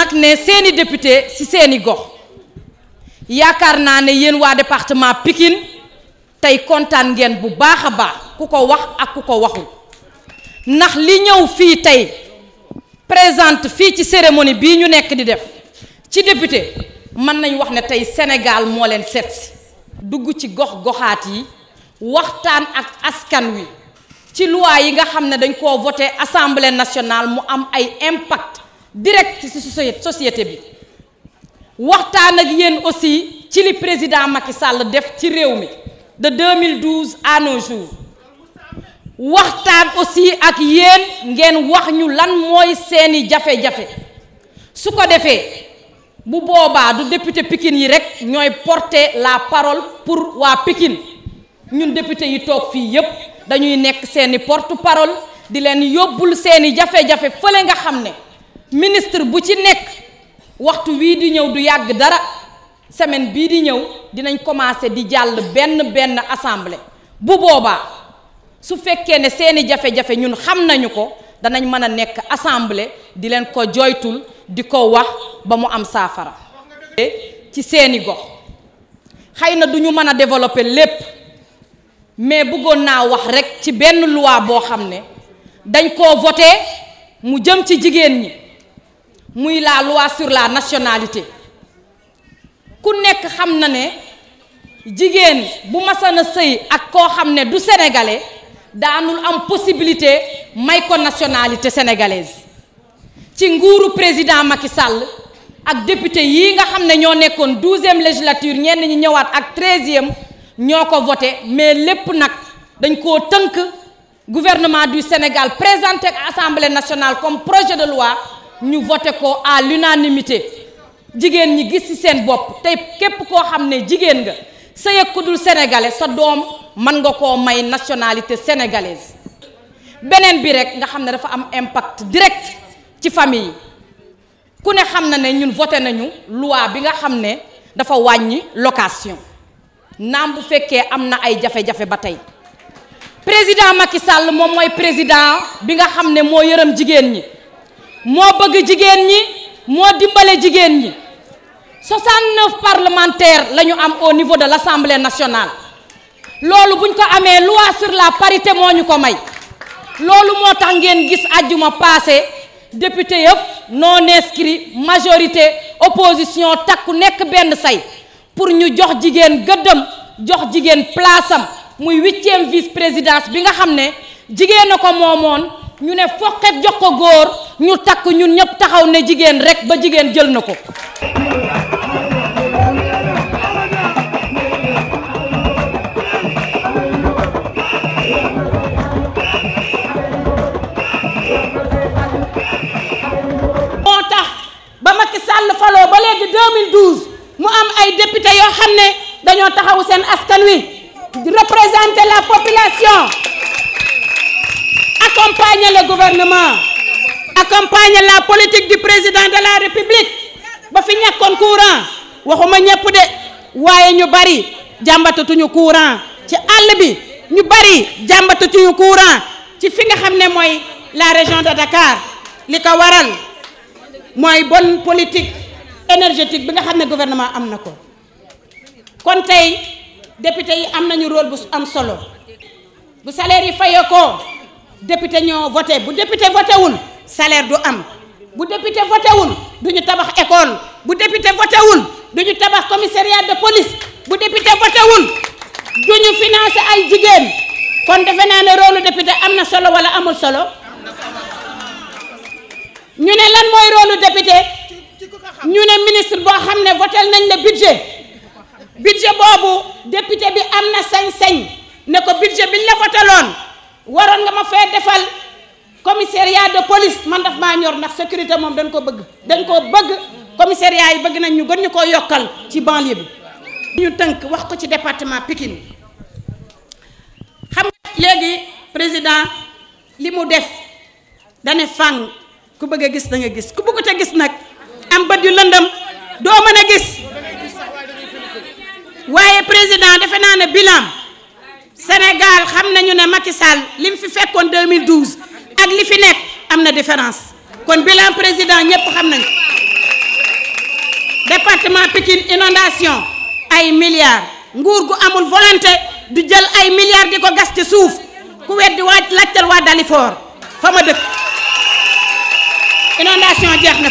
wax ne seeni député ci seni gox ya naa ne yéen wa département Pikine tay kontan ngeen bu baax a kuko ku ko wax ak ku ko waxul li présente fii ci cérémonie bii ñu nekk di def ci député mën nañ wax ne tey Sénégal moo leen seet dugg ci gox goxaat yi waxtaan ak askan wi ci loi yi nga xam ne dañ ko voté assemblée national mu am ay impact direct ci société bi waxtaan ak yéen aussi ci li président Macky sàll def ci réew mi de 2012 à nos jours waxtaan aussi ak yeen ngeen lan mooy seni jafe-jafe su ko bu du député Pikine yi rek ñooy la parole pour wa Pikin ñun député yi toog fii yépp dañuy nekk porte parole di leen yóbbul jafe-jafe fële nga xam ministre bu ci nekk waxtu wii di du yàgg dara semaine bii di ñëw dinañ commencé di jàll benn assemblée bu su fekkee ne seeni jafe-jafe ñun xam nañu ko danañ mën a nekk assemblée di leen ko joytul di ko wax ba mu am saafara ci seeni gox xëy na du ñu mën a développer lépp mais bëggoon naa wax rekk ci benn loi boo xam ne dañ koo voté mu jëm ci jigéen ñi muy la loi sur la nationalité ku nekk xam na ne jigéen bu masana sëy ak koo xam ne du sénégalais daanul am possibilité may ko nationalité sénégalaise ci nguuru président Macky sàll ak député yi nga xam ne ñoo nekkoon douzième législature ñenn ñi ñëwaat ak treizième ñoo ko voté mais lépp nag dañ ko tënk gouvernement du Sénégal présenté ak assemblée nationale comme projet de loi ñu voté ko à l'unanimité jigéen ñi gis ci seen bopp tey képp koo xam ne jigéen nga sëy ak ku sa doom man nga ko may nationalité sénégalaise benen bi rek nga xam dafa am impact direct ci famille yi ku ne xam ne ñun voté nañu loi bi nga xam dafa wañi location Nam bu fekkee am na ay jafé jafé batay président Macky Sall moom président bi nga xam mo moo yërëm ñi mo bëgg jigéen ñi mo dimbalé jigéen ñi 69 parlementaires lañu am au niveau de l'Assemblée nationale lolu buñ ko amé loi sur la parité moñu ko may lolu moo tax ngeen gis aljuma passé député yëpp non inscrit majorité opposition takku nek ben say pour ñu jox jigen gëddam jox jigéen plaasam muy huitième vice présidence bi nga xamné jigen jigéen ko ñu ne foqet jox ko góor ñu takk ñun ñep taxaw ne jigen rek ba jigen jël nako représente la population, accompagne le gouvernement, accompagne la politique du président de la République. ba fi ñàkkoon courant waxuma ñëpp de waaye ñu bari ñu courant ci àll bi ñu bari jàmbatatuñu courant ci fi nga xam moy la région de Dakar li waral moy bonne politique énergétique bi nga xam gouvernement am kon tay député yi ont rôle bu am solo bu salaire yi député ñoo voté bu député voté wul salaire du am bu député voté wul duñu tabax école bu député voté wul duñu tabax commissariat de police bu député voté wul du financer ay jigéen kon defe rôle député Ils solo wala amul solo ñu né lan moy rôle député ñu né ministre bo xamné voté nañ le budget budget boobu député bi am na sañ-sañ ne ko budget bi ñu la votaloon waroon nga ma fee defal commissariat de police man daf maa ñor ndax sécurité moom dañ ko bëgg dañ koo bëgg commissariat yi bëgg nañ ñu gën ñu koo yokkal ci banlieue bi ñu tënk wax ko ci département Pikine xam nga léegi président li mu def dane fàng ku bëgg a gis da gis ku bëggut a gis nag am bët yu lëndëm doo mën a gis waaye président defe naa ne bilan Sénégal xam nañu ne Macky Sall li mu fi fekkoon 2012 ak li fi nekk am na différence kon bilan président ñëpp xam nañu département Pikine inondation ay milliards nguur gu amul volonté du jël ay milliards di ko gas ci suuf ku weddi waa laajtal waa Dalifor fa ma dëkk inondation jeex na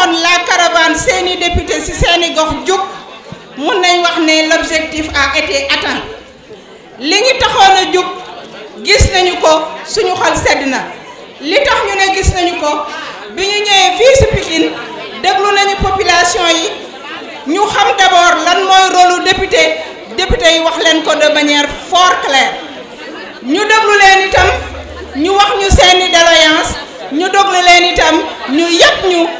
waxoon la caravane seeni député ci seeni gox djuk mun nañ wax né l'objectif a été atteint li ngi taxoon a gis nañu ko suñu xol sedd na li tax ñu né gis nañu ko biñu ñëwé fi ci Pikine déglu nañu population yi ñu xam d'abord lan moy rôle député député yi wax leen ko de manière fort claire ñu déglu leen itam ñu wax ñu seeni doléance ñu déglu leen itam ñu yëpp ñu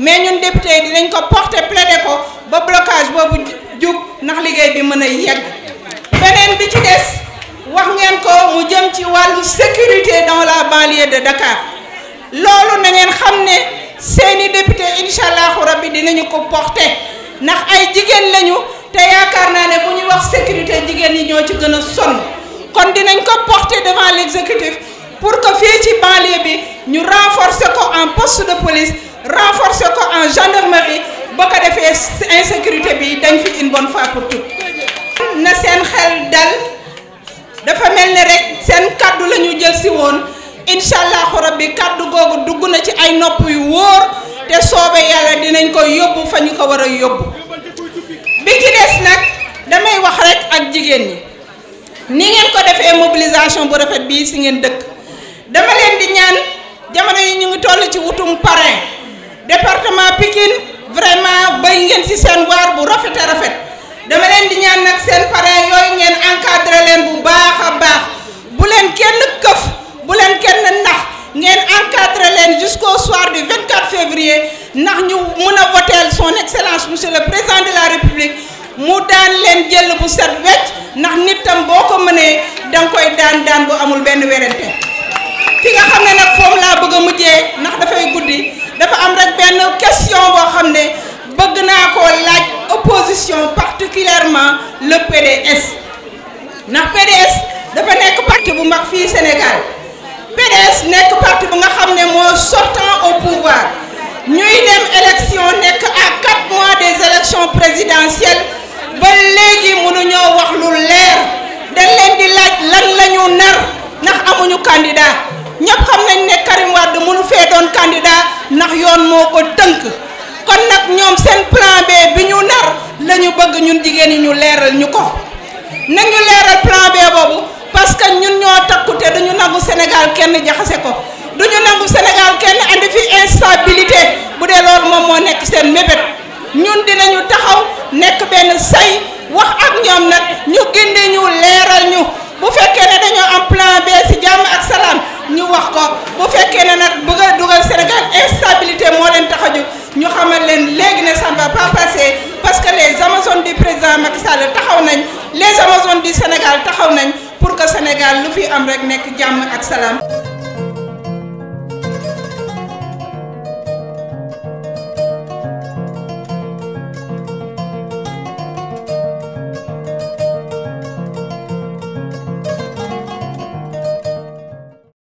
mais ñun député yi dinañ ko porter plaider ko ba blocage boobu jug ndax liggéey bi mën a yegg beneen bi ci des wax ngeen ko mu jëm ci wàllu sécurité dans la banlieue de Dakar loolu na ngeen xam ne seeni député inshallah, allahu rabbi dinañu ko porter ndax ay jigéen lañu te yaakaar naa ne bu wax sécurité jigéen ñi ñoo ci gën a sonn kon dinañ ko porter devant l'exécutif pour que fii ci banlieue bi ñu renforcer ko en poste de police renforcer ko en gendarmerie ba ko defee insécurité bi dañ fi une bonne fois pour tout. na sen xel dal dafa melni rek sen kàddu lañu jël si won inshallah allahu rabbi gogu googu dugg na ci ay nopp yu wor té soobe yalla dinañ ko yobbu fañu ko wara yobbu yóbbu bi ci des nag damay wax rek ak jigen ni ngeen ko défé mobilisation bu rafet bi si ngeen dëkk dama leen di ñaan jamono yi ñu ngi toll ci wutum parrain département Pikine vraiment béy ngeen ci seen waar bu rafet a rafet dama leen di ñaan nag seen parrain yooyu ngeen encadré leen bu baax a baax bu leen kenn këf bu leen kenn nax ngeen encadré leen jusqu'au soir du 24 février ndax ñu mun voter son excellence monsieur le président de la république mu daan leen jël bu set wecc ndax nit tam boo ko mënee da nga koy daan daan bu amul benn werante fi nga xam ne nag foofu bëgg a mujjee ndax dafay guddi dafa am rek benn question boo xam ne bëgg naa koo laaj opposition particulièrement le PDS ndax PDS dafa nekk parti bu mag fii Sénégal PDS nekk parti bu nga xam ne sortant au pouvoir ñuy dem élection nekk à quatre mois des élections présidentielles ba léegi mënuñoo wax lu leer dañ leen di laaj lan la nar ndax amuñu candidat ñëpp xam nañ ne Karim Wade mënu fee doon candidat ndax yoon moo ko tënk kon nag ñoom seen plan B bi ñu nar la ñu bëgg ñun jigéen ñi ñu leeral ñu ko nañu leeral plan B boobu parce que ñun ñoo takkute te duñu nangu Sénégal kenn jaxase ko duñu nangu Sénégal kenn andi fi instabilité bu dee loolu moom moo nekk seen mébét ñun dinañu taxaw nekk benn say wax ak ñoom nag ñu gindi ñu leeral ñu bu fekkee ne dañoo am plan B si jàmm ak salaam ñu wax ko bu fekkee ne nag bëgg a dugal instabilité moo leen tax a jóg ñu xamal leen léegi ne ça ne va pas passer parce que les Amazones du président Macky Sall taxaw nañ les Amazones du Sénégal taxaw nañ pour que Sénégal lu fi am rek nekk jàmm ak salaam.